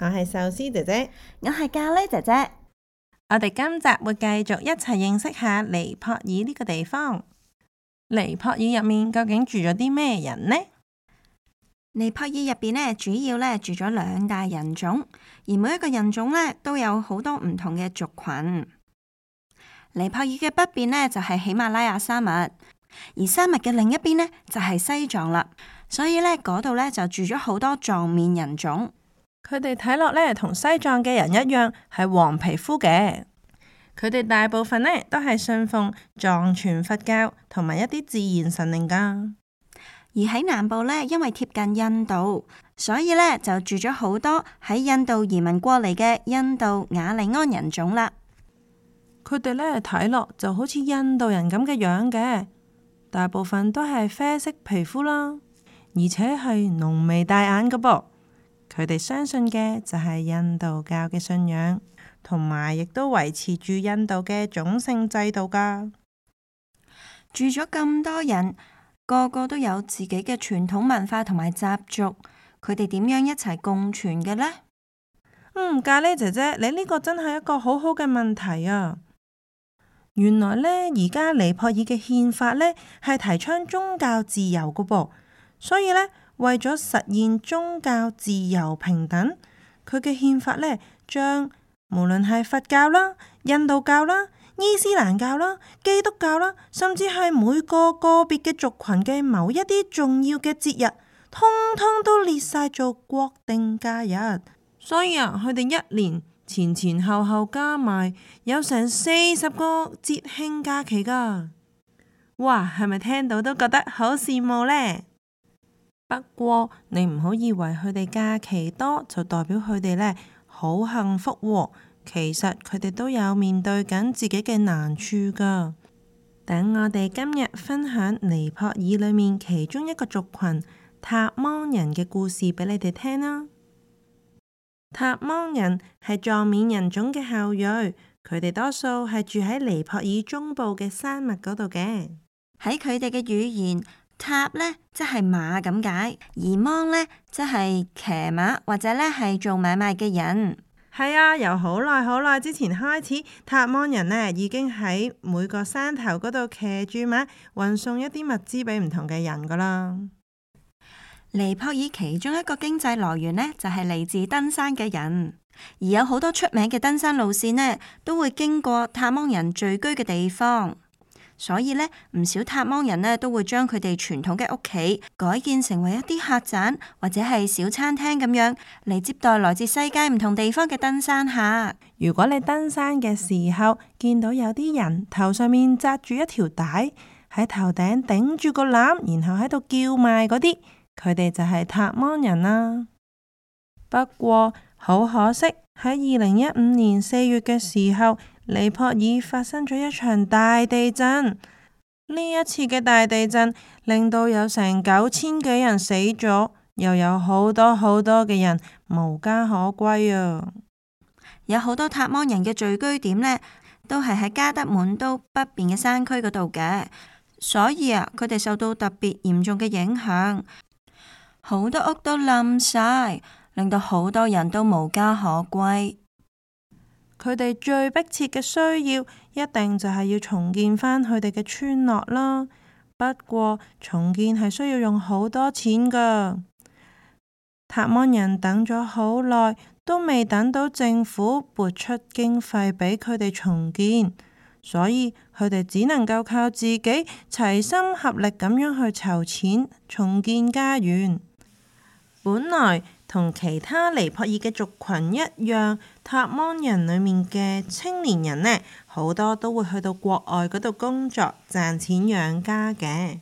我係壽司姐姐，我係咖喱姐姐。我哋今集會繼續一齊認識下尼泊爾呢個地方。尼泊爾入面究竟住咗啲咩人呢？尼泊爾入邊咧，主要咧住咗兩大人種，而每一個人種咧都有好多唔同嘅族群。尼泊爾嘅北邊咧就係喜馬拉雅山脈，而山脈嘅另一邊咧就係西藏啦，所以呢度咧就住咗好多藏緬人種。佢哋睇落呢，同西藏嘅人一樣，係黃皮膚嘅。佢哋大部分呢，都係信奉藏傳佛教同埋一啲自然神靈噶。而喺南部呢，因為貼近印度，所以呢，就住咗好多喺印度移民過嚟嘅印度雅利安人種啦。佢哋呢，睇落就好似印度人咁嘅樣嘅，大部分都係啡色皮膚啦，而且係濃眉大眼噶噃。佢哋相信嘅就係印度教嘅信仰，同埋亦都維持住印度嘅種姓制度噶。住咗咁多人，個個都有自己嘅傳統文化同埋習俗，佢哋點樣一齊共存嘅呢？嗯，咖喱姐姐，你呢個真係一個好好嘅問題啊！原來呢，而家尼泊爾嘅憲法呢係提倡宗教自由噶噃，所以呢。為咗實現宗教自由平等，佢嘅憲法呢，將無論係佛教啦、印度教啦、伊斯蘭教啦、基督教啦，甚至係每個個別嘅族群嘅某一啲重要嘅節日，通通都列晒做國定假日。所以啊，佢哋一年前前後後加埋有成四十個節慶假期噶。哇，係咪聽到都覺得好羨慕呢？不過你唔好以為佢哋假期多就代表佢哋呢好幸福，哦。其實佢哋都有面對緊自己嘅難處噶。等我哋今日分享尼泊爾裏面其中一個族群塔芒人嘅故事俾你哋聽啦。塔芒人係藏緬人種嘅後裔，佢哋多數係住喺尼泊爾中部嘅山脈嗰度嘅。喺佢哋嘅語言。塔咧，即係馬咁解，而芒咧，即係騎馬或者咧係做買賣嘅人。係啊，由好耐好耐之前開始，塔芒人呢已經喺每個山頭嗰度騎住馬，運送一啲物資俾唔同嘅人噶啦。尼泊爾其中一個經濟來源呢，就係嚟自登山嘅人，而有好多出名嘅登山路線呢，都會經過塔芒人聚居嘅地方。所以呢，唔少塔芒人呢，都會將佢哋傳統嘅屋企改建成為一啲客棧或者係小餐廳咁樣嚟接待來自世界唔同地方嘅登山客。如果你登山嘅時候見到有啲人頭上面紮住一條帶喺頭頂頂住個籃，然後喺度叫賣嗰啲，佢哋就係塔芒人啦。不過好可惜，喺二零一五年四月嘅時候。尼泊爾發生咗一場大地震，呢一次嘅大地震令到有成九千幾人死咗，又有好多好多嘅人無家可歸啊、哦！有好多塔芒人嘅聚居點呢，都係喺加德滿都北邊嘅山區嗰度嘅，所以啊，佢哋受到特別嚴重嘅影響，好多屋都冧晒，令到好多人都無家可歸。佢哋最迫切嘅需要，一定就係要重建返佢哋嘅村落啦。不過重建係需要用好多錢噶，塔芒人等咗好耐，都未等到政府撥出經費俾佢哋重建，所以佢哋只能夠靠自己齊心合力咁樣去籌錢重建家園。本來。同其他尼泊爾嘅族群一樣，塔芒人裡面嘅青年人呢，好多都會去到國外嗰度工作賺錢養家嘅。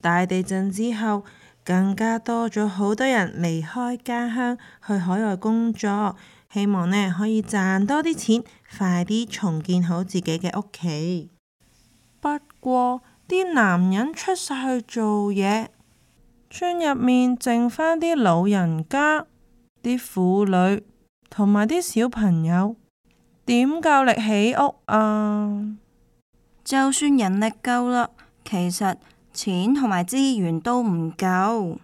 大地震之後，更加多咗好多人離開家鄉去海外工作，希望呢可以賺多啲錢，快啲重建好自己嘅屋企。不過，啲男人出曬去做嘢。村入面剩返啲老人家、啲婦女同埋啲小朋友，點夠力起屋啊？就算人力夠啦，其實錢同埋資源都唔夠。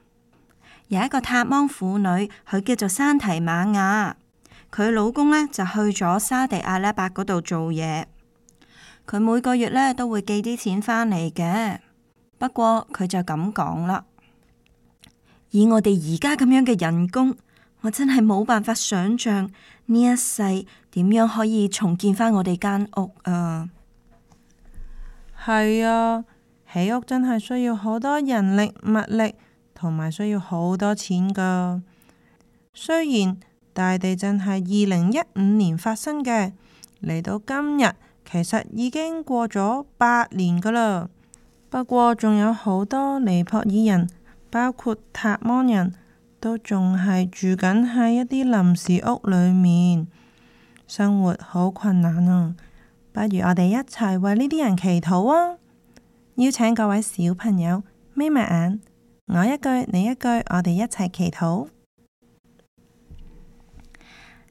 有一個塔芒婦女，佢叫做山提瑪雅，佢老公呢就去咗沙地阿拉伯嗰度做嘢，佢每個月呢都會寄啲錢返嚟嘅。不過佢就咁講啦。以我哋而家咁樣嘅人工，我真係冇辦法想象呢一世點樣可以重建翻我哋間屋啊！係啊，起屋真係需要好多人力物力，同埋需要好多錢噶。雖然大地震係二零一五年發生嘅，嚟到今日其實已經過咗八年噶啦。不過仲有好多尼泊爾人。包括塔芒人都仲係住緊喺一啲臨時屋裏面，生活好困難啊！不如我哋一齊為呢啲人祈禱啊！邀請各位小朋友眯埋眼，我一句你一句，我哋一齊祈禱。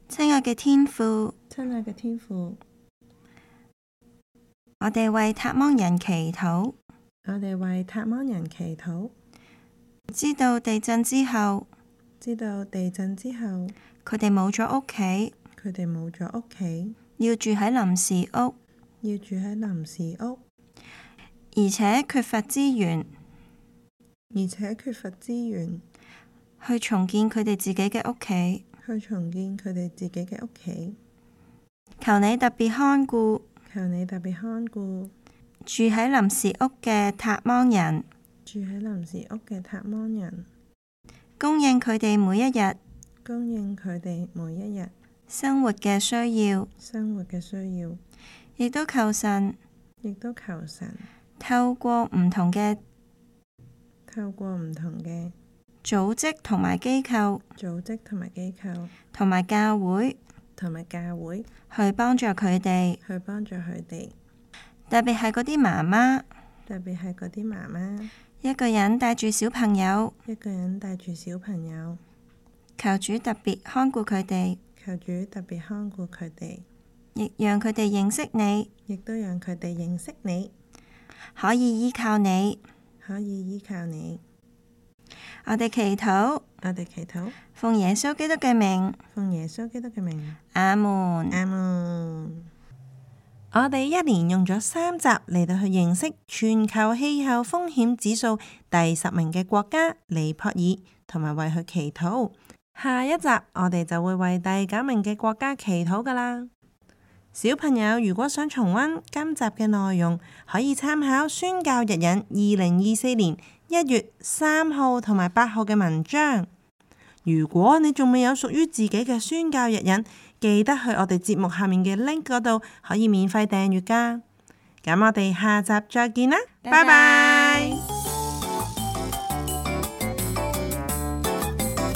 親愛嘅天父，親愛嘅天父，我哋為塔芒人祈禱，我哋為塔芒人祈禱。知道地震之後，知道地震之後，佢哋冇咗屋企，佢哋冇咗屋企，要住喺臨時屋，要住喺臨時屋，而且缺乏資源，而且缺乏資源去重建佢哋自己嘅屋企，去重建佢哋自己嘅屋企。求你特別看顧，求你特別看顧住喺臨時屋嘅塔芒人。住喺臨時屋嘅塔芒人，供應佢哋每一日，供應佢哋每一日生活嘅需要，生活嘅需要，亦都求神，亦都求神，透過唔同嘅，透過唔同嘅組織同埋機構，組織同埋機構，同埋教會，同埋教會，去幫助佢哋，去幫助佢哋，特別係嗰啲媽媽，特別係嗰啲媽媽。一個人帶住小朋友，一個人帶住小朋友，求主特別看顧佢哋，求主特別看顧佢哋，亦讓佢哋認識你，亦都讓佢哋認識你，可以依靠你，可以依靠你。我哋祈禱，我哋祈禱，奉耶穌基督嘅名，奉耶穌基督嘅名，阿門，阿門。我哋一連用咗三集嚟到去認識全球氣候風險指數第十名嘅國家尼泊爾，同埋為佢祈禱。下一集我哋就會為第九名嘅國家祈禱噶啦。小朋友如果想重溫今集嘅內容，可以參考宣教日引二零二四年一月三號同埋八號嘅文章。如果你仲未有屬於自己嘅宣教日引，記得去我哋節目下面嘅 link 嗰度，可以免費訂閱噶。咁我哋下集再見啦，拜拜 bye！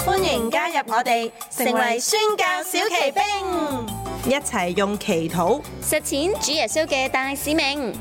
歡迎加入我哋，成為宣教小騎兵，一齊用祈禱實踐主耶穌嘅大使命。